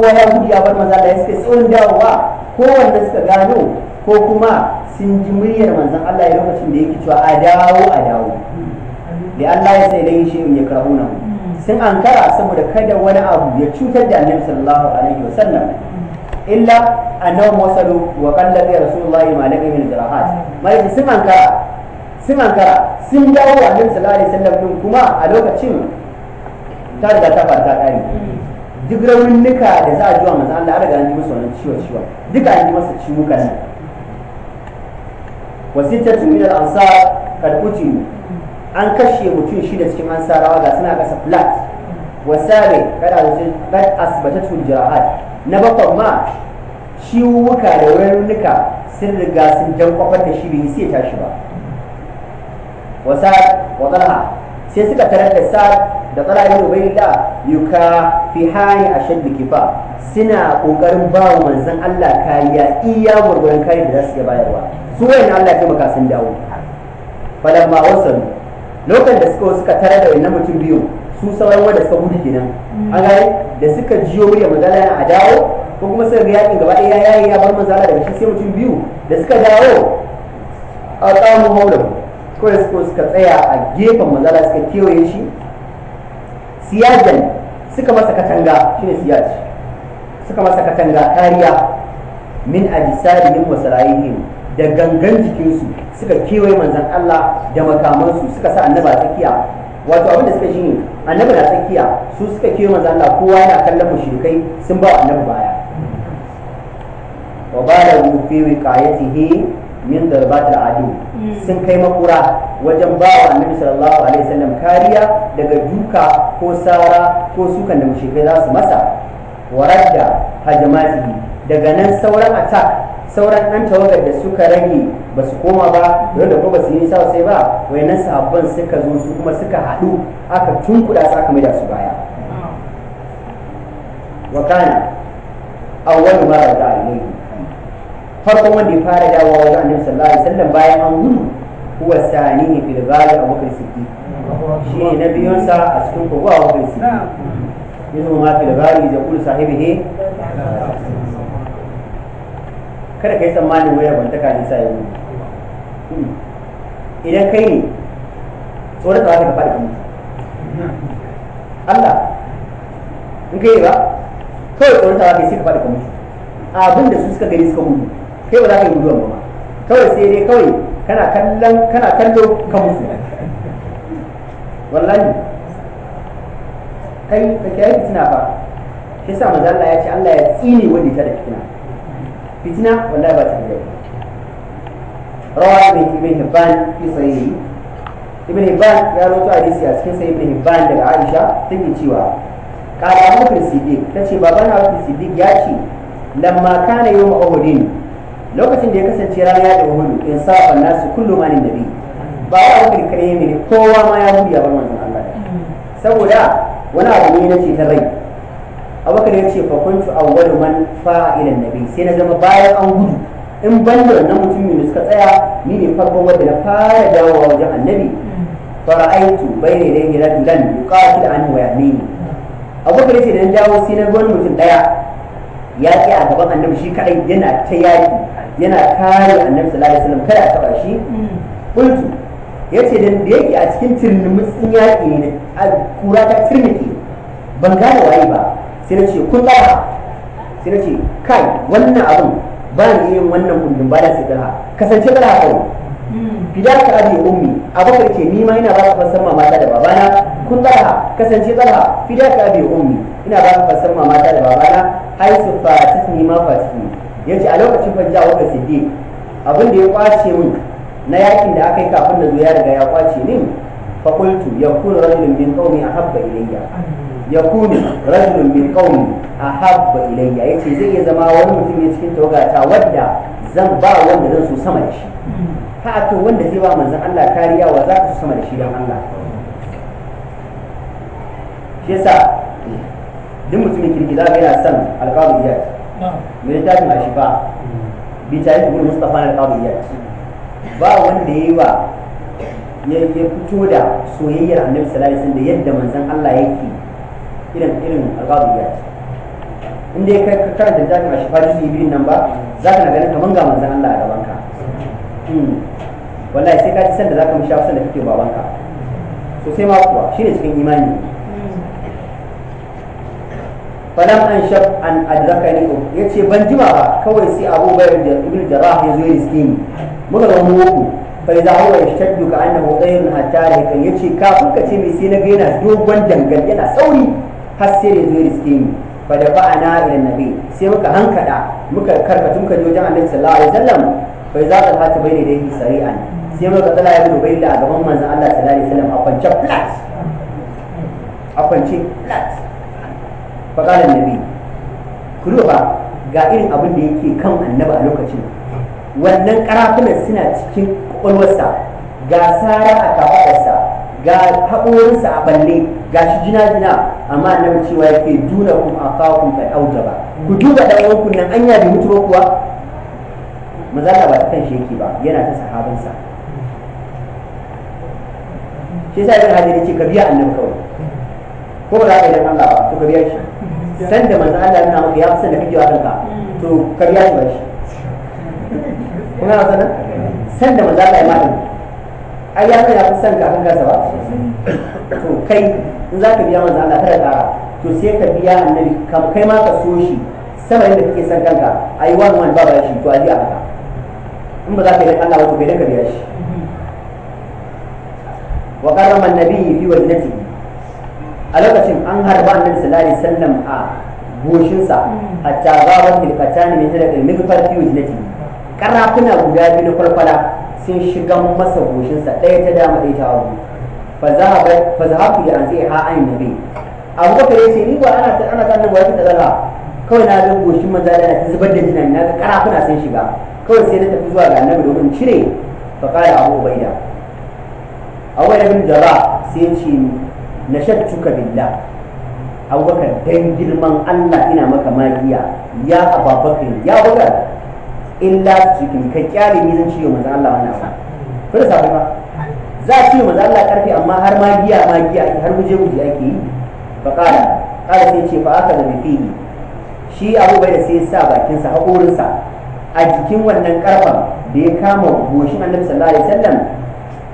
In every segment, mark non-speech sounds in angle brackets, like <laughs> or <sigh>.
ko ya gudu ya bar manzo Allah suke tsohon dawowa ko wanda suka gano ko kuma sun ji muryar manzan Allah ya lokacin da yake cewa a dawo a dawo da Allah ya sai dai shi ya nan sun ankara saboda kada wani abu ya cutar da Annabi sallallahu alaihi wasallam illa annahu wasalu wa qalla bi rasulillahi ma laqi min jarahat mai sun ankara sun ankara sun dawo Annabi sallallahu alaihi wasallam din kuma a lokacin ta riga ta farka kare duk raunin da za a jiwa manzo Allah an riga an yi masa wannan ciwo ciwo duka an yi masa ciwo kan wasitatu min al-ansar kad utiyu an kashe mutum shida cikin ansarawa ga suna kasa flat wasabe kada wajen kad tun jarahat na bakon ma ciwuka da raunuka sun riga sun jan da shi bai sai tashi ba wasa wa sai suka tarar da sa da tsala ibn ubaydillah yuka fi hani ashadd kifa suna kokarin ba wa manzon Allah kariya iya gurgurin kari da za su iya bayarwa su na Allah ya taimaka sun dawo ma wasalu lokacin da suka suka tare da wannan mutum biyu su sauran wanda suka gudu kenan mm. an gane da suka jiyo murya na a dawo ko kuma suka ga yakin gaba ɗaya yayi ya bar manzala daga shi sai mutum biyu da suka dawo a tsamu maulahu ko suka tsaya a gefen manzala suka kewaye shi siyajan suka masa katanga ne siyaji suka masa katanga kariya min ajsadihim wa sarayihim da gangan jikinsu suka kewaye manzan Allah da makamansu suka sa annaba tsakiya wato abin da suka shi ne annaba na tsakiya su suka kewaye manzan Allah kowa yana kallon mushrikai sun ba annabi baya wa bala fi wiqayatihi min darbatul adu mm. sun kai makura wajen ba wa annabi sallallahu alaihi wasallam kariya daga duka ko sara ko sukan da mushrikai za su masa waradda hajamati daga nan sauran attack sauran ɗan tawagar da suka rage ba su koma ba dole da ko ba su yi nisa sai ba nan sahabban suka zo su kuma suka haɗu aka tunkuɗa su aka maida su baya wa kana awwalu ma da ilayhi farkon wanda ya fara dawowa wajen annabi sallallahu alaihi wasallam bayan an gudu huwa sani fil ghali abu bakr siddiq shi ne na biyun sa a cikin kogo abu bakr siddiq yanzu ma fil ghali da kullu sahibihi kada kai tsammanin wayar bantaka ne sai yau hmm. idan kai ne tsoron tsawon ka faɗi kuma Allah in kai ba kawai tsoron tsawon ka sai ka faɗi kuma abinda su suka gani suka gudu kai ba za ka yi guduwa ba kawai sai dai kawai kana kallon kana kallo ka musu wallahi kai ka kai fitina fa shi sa manzo Allah ya ce Allah ya tsine wanda ta da fitina fitina wallahi ba ta da rawa ibn ibn hibban fi sahihi ibn hibban ya rawaito hadisi a cikin sahih ibn hibban daga Aisha take cewa qala Abu ta ce babana Abu Siddiq ya ce lamma kana yawm ma'aunin. lokacin da ya kasance rana ya dawo hudu in sa fa nasu kullu ma lin nabi ba wa abu kirkare ne kowa ma ya hudu ya bar manzon Allah saboda wani abu ne na ce ta rai abubakar ya ce fa kuntu awwalu man fa'a nabi sai na zama bayan an gudu in ban da wannan mutum da suka tsaya ni ne farkon wanda na fara dawowa wajen annabi fara'aitu bayna yadayhi rajulan yuqatil anhu wa yamini abubakar ya ce da na dawo sai na wani mutum daya ya a gaban annabi shi kaɗai yana ta yaki yana kare annabi sallallahu alaihi wasallam kada a taba shi kultu yace dan da yake a cikin tirnimutsin yaki ne a kura ta ne ban gane waye ba sai na ce kun sai na ce kai wannan abin ba ni yin wannan kundin ba da sai dala kasance dala kai hmm. fidaka abi ummi abakar ke nima yana ina ba ka san mamata da babana kun talha kasance fida fidaka bi ummi ina ba ka fassar ta da babana hai tisni ma tisni yace a lokacin jawo ka sidi abin da ya kwace min na yakin da aka yi kafin na zo ya riga ya kwace min fa qultu yakunu rajulun min qaumi ahabba ilayya yakunu rajulun min qaumi ahabba ilayya yace zai iya zama wani mutum ne cikin tawagata wadda zan ba wanda zan so sama da shi ka hmm. to wanda zai ba manzon Allah kariya wa za ka so sama da shi dan Allah yasa duk mutumin kirki za ka yana son alƙawuriyar mai ta a shi ba bi ta yi kuma mustapha na alƙawuriyar ba wanda ya yi wa ya fito da soyayyar annabi sallallahu alaihi da yadda manzon Allah yake irin irin alƙawuriyar in dai ka karanta ta a shi ba juzi biyun nan ba za ka na ganin kamar ga manzon Allah a gaban ka hmm. wallahi sai ka san sanda za ka mishi hafsan da kake babanka sosai ma kuwa shine cikin imani falam an shaf an adrakani ya ce ban jima ba kawai sai abu bayar da ibn jarrah ya zo ya riske ni muka ga mu uku fa idza huwa yashtaddu ka annahu ghayrun hatta yaka yace kafin ka ce mai sai na ga yana dogon dangal yana sauri har sai ya zo ya riske ni fa da ba ba'ana ila nabi sai muka hankada muka karkatun ka wajen annabi sallallahu alaihi wasallam fa idza talhatu bayna yadayhi sari'an sai muka tsala ya bai da a gaban manzon Allah sallallahu alaihi wasallam a kwance flat a kwance flat da nabi ku ba ga irin abin da yake kan annaba a lokacin wannan karafunan suna cikin kwakwalwarsa ga sara a kafaɗarsa ga haƙorinsa a balle ga shi jina-jina amma annabi cewa yake duna kuma a kawakun kai auja ba ku duba da uwanku nan an bai mutu ba kuwa mazala ba ta kan shi yake ba yana ta sahabansa shi yasa hajji hajar ce ka biya annabi kawai ko ba za ka yi dan Allah ba to ka biya shi san da manzo Allah yana maka ya fi san da kake wa kanka to kariya shi bashi kuma na sanar san da manzo Allah ya maka ai ya san ya fi san ka kan kansa ba to kai in za ka biya manzo Allah kada tsara to sai ka biya annabi kai ma ka so shi sama yadda kake san kanka ai wani wani ba ba shi to aji a haka in ba za ka yi Allah ba to bai da ka biya shi wa karrama annabi fi wajnati a lokacin an harba annabi sallallahu alaihi wasallam a goshinsa mm. hatta gawar tilkatani min hada ilmi kafar fi wajnati karafuna guda biyu na kwalkwala sun shiga masa goshinsa ɗaya ta dama ɗaya ta hagu fa zahabtu bi anziha an nabi abu bakar ce ni ba ana ana kan nan wani tazala kawai na ga goshin manzo da ta zubar da jinan na ga karafuna sun shiga kawai sai na tafi zuwa ga annabi domin cire fa kai abu ubaida awai ibn jaba sai ce nashattuka billah abubakar dan girman Allah ina maka magiya ya ababakar ya abubakar illa cikin ka kyale ni zan ciyo maza Allah wannan abu kada sabu ba za a ciwo maza Allah karfi amma har magiya magiya har guje guje ake yi fa qala qala sai ce fa aka da fili. shi abu bai da sai sa bakinsa haƙorinsa a jikin wannan karfan da ya kama goshin annabi sallallahu alaihi wasallam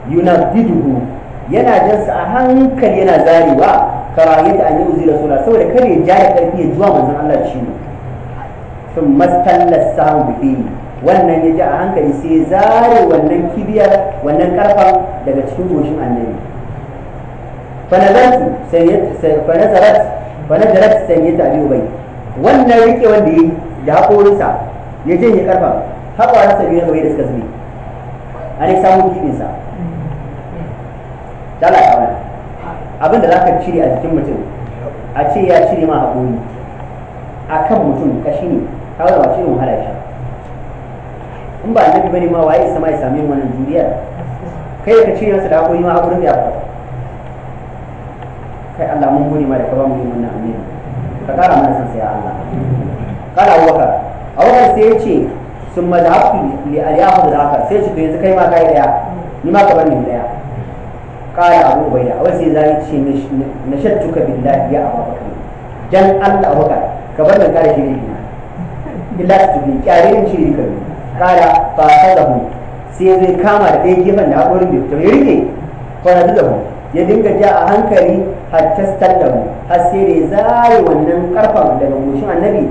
yunadiduhu yana jansa a hankali yana zarewa karahiyata an yi uzi suna saboda kare ya jaya karfi ya zuwa manzon Allah shi ne sun mastallar samun bifi wannan ya ji a hankali sai ya zare wannan kibiyar wannan karfa daga cikin goshin annabi fanazarat fanazarat sai ya tabi ubai wannan rike wanda ya da haƙorinsa ya janye karfa haƙorinsa biyu na bai da suka zube an yi samun kibinsa dala ya wani abin da ka cire a jikin mutum a ce ya cire ma haƙuri a kan mutum kashi ne kawai ba cire wahala shi in ba na bane ma waye sama ya sami wannan juriya kai ka cire masa da haƙuri ma haƙurin ya fara kai Allah mun gode ma da ka ba mu yin wannan amina ka kara mana san sai Allah kala a Abubakar sai ya ce sun mazhabtu li aliyahu da haka sai ce to yanzu kai ma kai daya ni ma ka bar ni daya قال أبو بيدا وسي ذلك شيء نشدتك بالله يا أبا بكر جل أنت أبو بكر كبرنا قال شريكنا بالله تبني كارين شريكا قال فأخذه سيزي كامر أي جيفن أقول بيكتب يريني فأخذه ya dinga ja a hankali har tastar da mu har sai da zare wannan karfan daga goshin annabi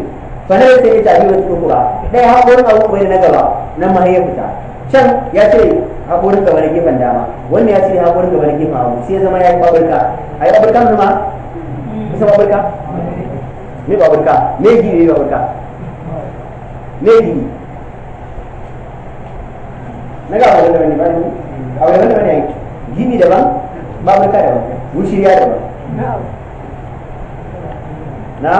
Fana ne sai ya tafi wata kura Ɗaya hakorin abu na gaba na ma can ya ce haƙorin gaba na gefen dama wani ya cire haƙorin gaba na gefen hagu sai zama ya yi baburka a yi baburka mu ma kusa baburka me baburka me gini ne baburka me gini na ga abin da bane ba ne da bane ya yi gini daban baburka daban wushiriya daban na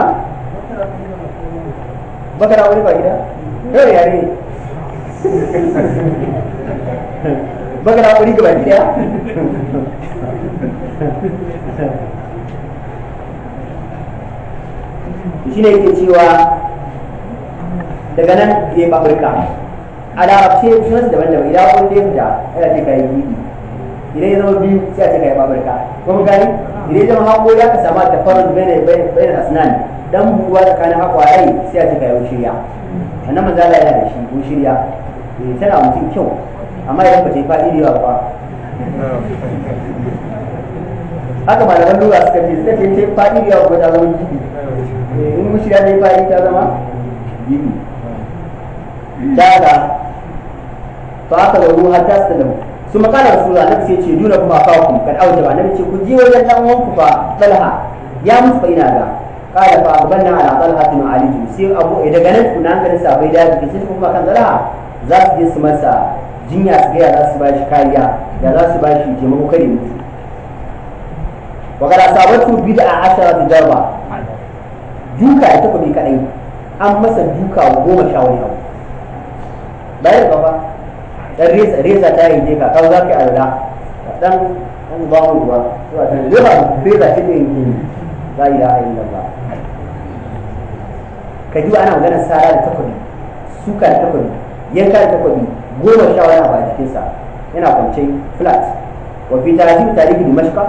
bakara wani ba gida yau yare ne <laughs> magana hakuri gaba daya shi ne yake cewa daga nan ya yi afirka a larabce sunan daban-daban idan kun da fita yana ce kayi gidi idan ya zama biyu sai a ce kayi afirka kuma gani idan ya zama hako ya ka da ta bai da asinan dan buwa tsakanin hakwarai sai a ce shirya wushiriya wannan manzala yana da shi shirya eh, tana mutum kyau amma idan ba ta yi fa'idi ba haka malaman lura suka ce suka ce ta fa'idi ba ta zama gidi eh, in mushi ta yi fa'idi ta zama gidi daga fa aka lauru har ta su lamu su makala rasulullah annabi sai ce duna kuma fa kuma kan auta ba na ce ku je wajen dan uwan ku fa talha ya musu fa ina ga kada fa na ala talha bin ali sai abu eh, daga nan ku nan kan sabai da sai kuma kan talha za su je su masa jinya su ga ya za su bashi kariya ya za su bashi taimako kare mutu wa kada sabatu bid'a ashara da darba duka ya tafi kadai an masa duka goma sha wani abu bayan gaba dan reza reza ta yi ka kawo za ka yi alada dan an ba mu ruwa zuwa dan reza reza ce ne yake la ilaha illallah ka ji ana maganar sara da takobi suka da takobi yanka da takobi goma sha wani abu a cikinsa yana kwance flat wa fi tarihi tarihi dimashqa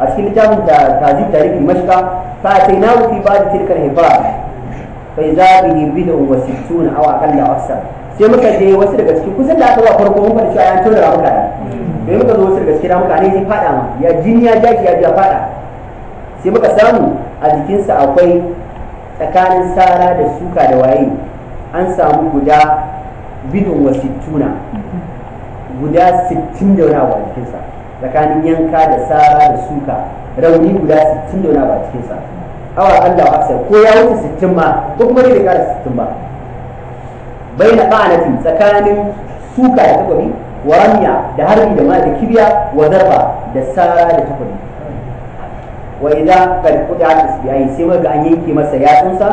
a cikin littafin tazib tarihi dimashqa fa atainahu fi ba'd tilka al Bai za idza bi bid'un wasu sittuna aw aqalla aw aksar sai muka je wasu daga cikin kusan da aka ba farko mun faɗi cewa ya tona ramuka ne sai muka zo wasu daga cikin ramuka ne zai fada ma ya jini ya jaki ya biya fada sai muka samu a jikinsa akwai tsakanin sara da suka da waye an samu guda bidon wa sittuna guda sittin da wani abu a jikinsa tsakanin yanka da sara da suka rauni guda sittin da wani abu a jikinsa awa Allah wa ko ya wuce sittin ma ko kuma da kara sittin ba bai na ba'anatin tsakanin suka da takwabi wa ramya da harbi da ma da kibiya wa zarba da sara da takwabi wa idan kad kuda asbiyai sai ga an yanke masa yatsunsa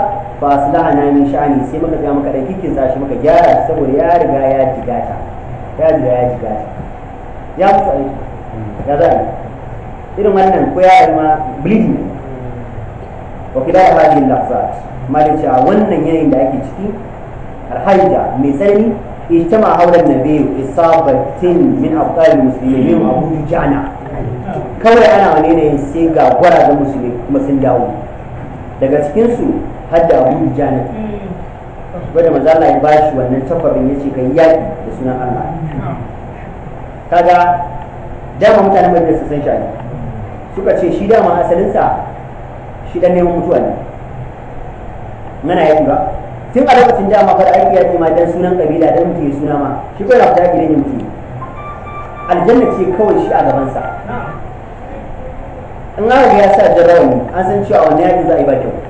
su da na min sha'ani sai muka ga muka dan kikin shi muka gyara saboda ya riga ya jigata ya riga ya jigata ya kusa aiki ya za irin wannan ko ya ma bleeding wa kila hadhihi al-lahzat malin cewa wannan yayin da ake ciki alhaija mai tsanani اجتمع حول النبي إصابة من أبطال المسلمين من abu jana. kawai ana wani ne sai ga gwara da musulmi kuma sun dawo daga cikinsu har da abu jana wanda manzo Allah ya bashi wannan ya ce kai yaƙi da sunan Allah kaga dama mutanen Madina su san shi suka ce shi dama asalinsa shi dan neman mutuwa ne muna ya ba tun a lokacin dama fa da ake yaki ma dan sunan kabila dan mutu ya suna ma shi kawai da yaki ne mutu aljanna ce kawai shi a gabansa in aka ya sa jarrawa an san cewa wani yaki za a yi ba kyau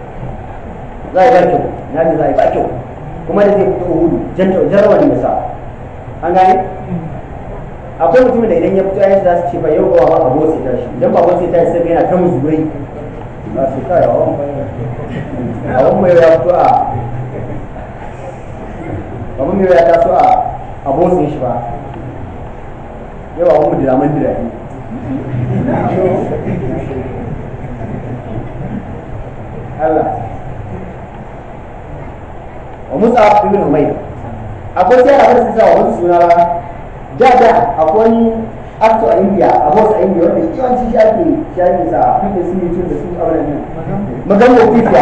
za a yi na ne za a yi barkyau kuma da zai fito hudu jarrawan da sa an gane akwai mutumin da idan ya fito yayin za su ce ba yau ba ba abu ta shi idan ba sai tashi sai yana ta muzurai ba su kai a awon mai ya fito a abun mai ya taso a abosin shi ba yau awon mu diraman dirami Allah wa musa ibn umayr akwai sai a wasu sa wasu suna ba da da akwai actor a india a wasu a india wanda yawanci shi ake shi ake sa kuma su yi tun da su a wannan magana kifiya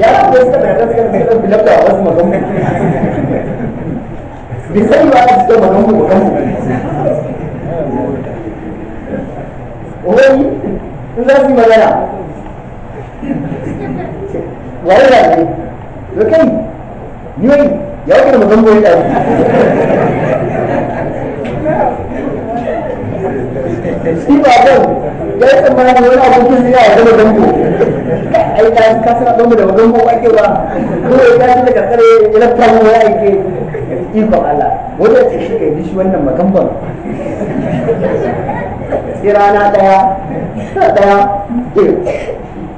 ya kuma suka da gaskiya da suka bilabta a wasu magana bai sani ba da suka magana magana wani in za su yi magana ce wani da ne to kai ni wai ya wuce mu zango ya dawo shi ba kan ya yi tsammanin wani abokin ya zama zango ai ka ka sana don mu da zango ake ba Kuma ya tashi daga tsare ya lafta mu ya ake ikon Allah wanda ce shi kai shi wannan magamban sai rana ɗaya,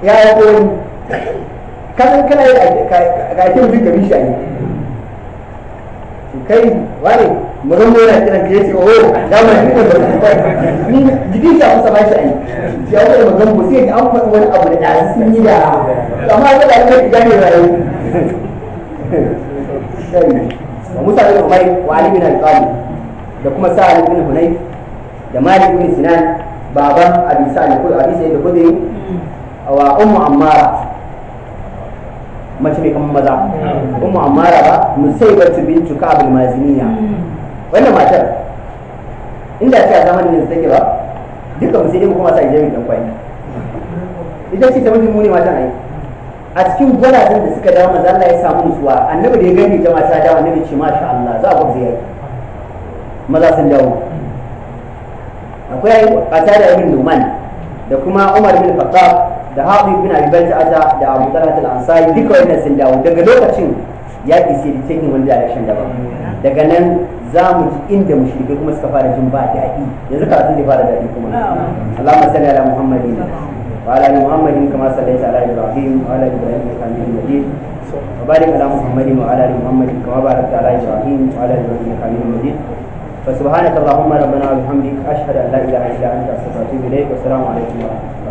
ya yi ka san kana yi ga ake mutum ka bi shi a yi kai wani murin mai na kiran ya ce oh da ma shi ne ni jikin shi a kusa bashi a yi shi ya wuce magan bu sai an faɗi wani abu da ɗazu sun yi da amma ga da kai idan ne rayu Musa bin Umar wa Ali bin al da kuma Sa'ad bin Hunayf da Malik bin Sinan baban Abi Sa'id ko Abi Sa'id da Khudri wa Ummu Ammara mace mai kan maza ummu amara ba musaibatu bintu ka'ab maziniya wanda matar inda ta zamanin yanzu take ba duka mu sai dai mu kuma sa jami'in dan kwai Idan ce ta mijin mu ne matan ai a cikin gwalazin da suka dawo maza Allah ya samu nutsuwa annabi da ya gani jama'a ta dawo annabi ce masha Allah za a gwabza yayi maza sun dawo akwai a tare da Ibn Numan da kuma Umar bin Khattab da haɗu bin abi balta'ata da abu talhat al-ansari duka wannan sun dawo daga lokacin ya yaƙi sai da cikin wani direction daban daga nan za mu ji inda mushrikai kuma suka fara jin ba daɗi yanzu karatun zai fara daɗi kuma Allahumma salli ala Muhammadin wa ala Muhammadin kama sallaita ala Ibrahim wa ala Ibrahim innaka Hamidum Majid wa barik ala Muhammadin wa ala Muhammadin kama barakta ala Ibrahim wa ala Ibrahim innaka Hamidum Majid فسبحانك اللهم ربنا وبحمدك اشهد ان لا اله الا انت استغفرك واتوب اليك والسلام عليكم ورحمه الله